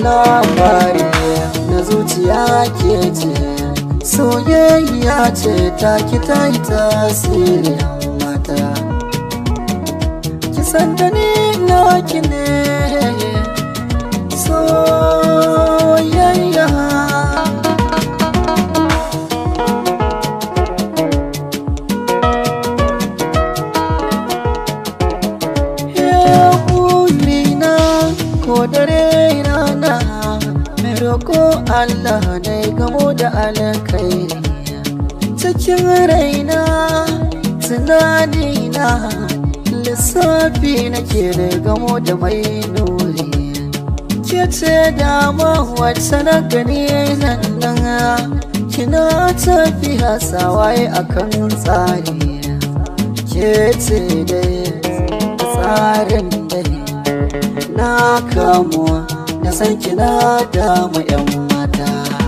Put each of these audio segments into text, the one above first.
labari na zuciya ke ce soyayya ce ta ki ta yi tasiri mata san ta ni na Allah dai gamo da alakai cikin raina tunanina lissafi nake da gamo da mai nuri ke ce dama wacce na gani nan nan kina tafi a akan tsari ke ce dai tsarin dai na kamuwa na san kina da 'yan mata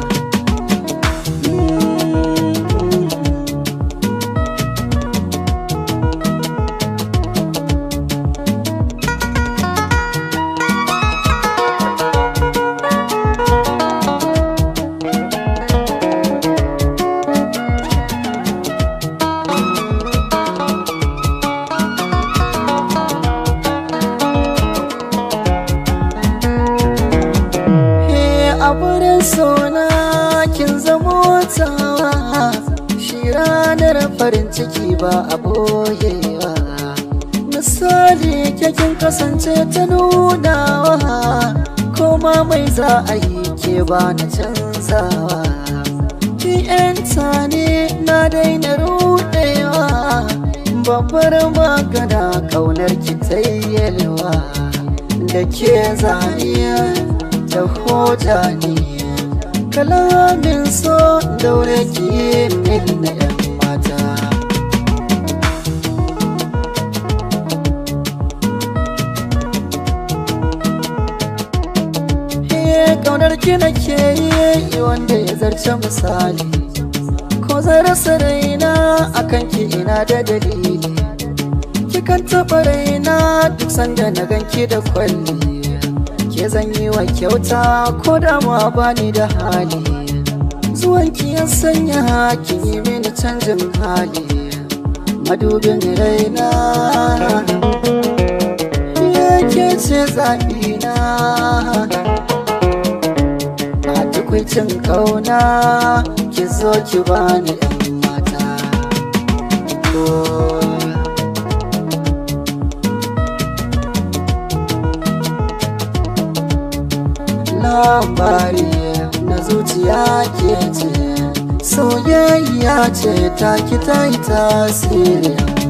a wurin sona kin zamo tawa shi ranar farin ciki ba a boyewa misali kin kasance ta nunawa koma mai za a yi ke ba na canzawa ki yanta ne na daina rudewa babbar magana kaunar ki tayyelwa da ke zaniya da hoja ne kalamin so daure ki min na yan mata kaunar ki nake yi wanda ya zarce misali ko zara raina akan ki ina da dalili kikan taɓa raina duk sanda na ganki da kwalli ke zanyi wa kyauta ko da bani da hali zuwan ya sanya kin yi mini canjin hali madubin raina ya ke ce zaɓina a tukwicin kauna ki zo ki bani 'yan mata labari na zuciya ke ce soyayya ce ta ki ta yi tasiri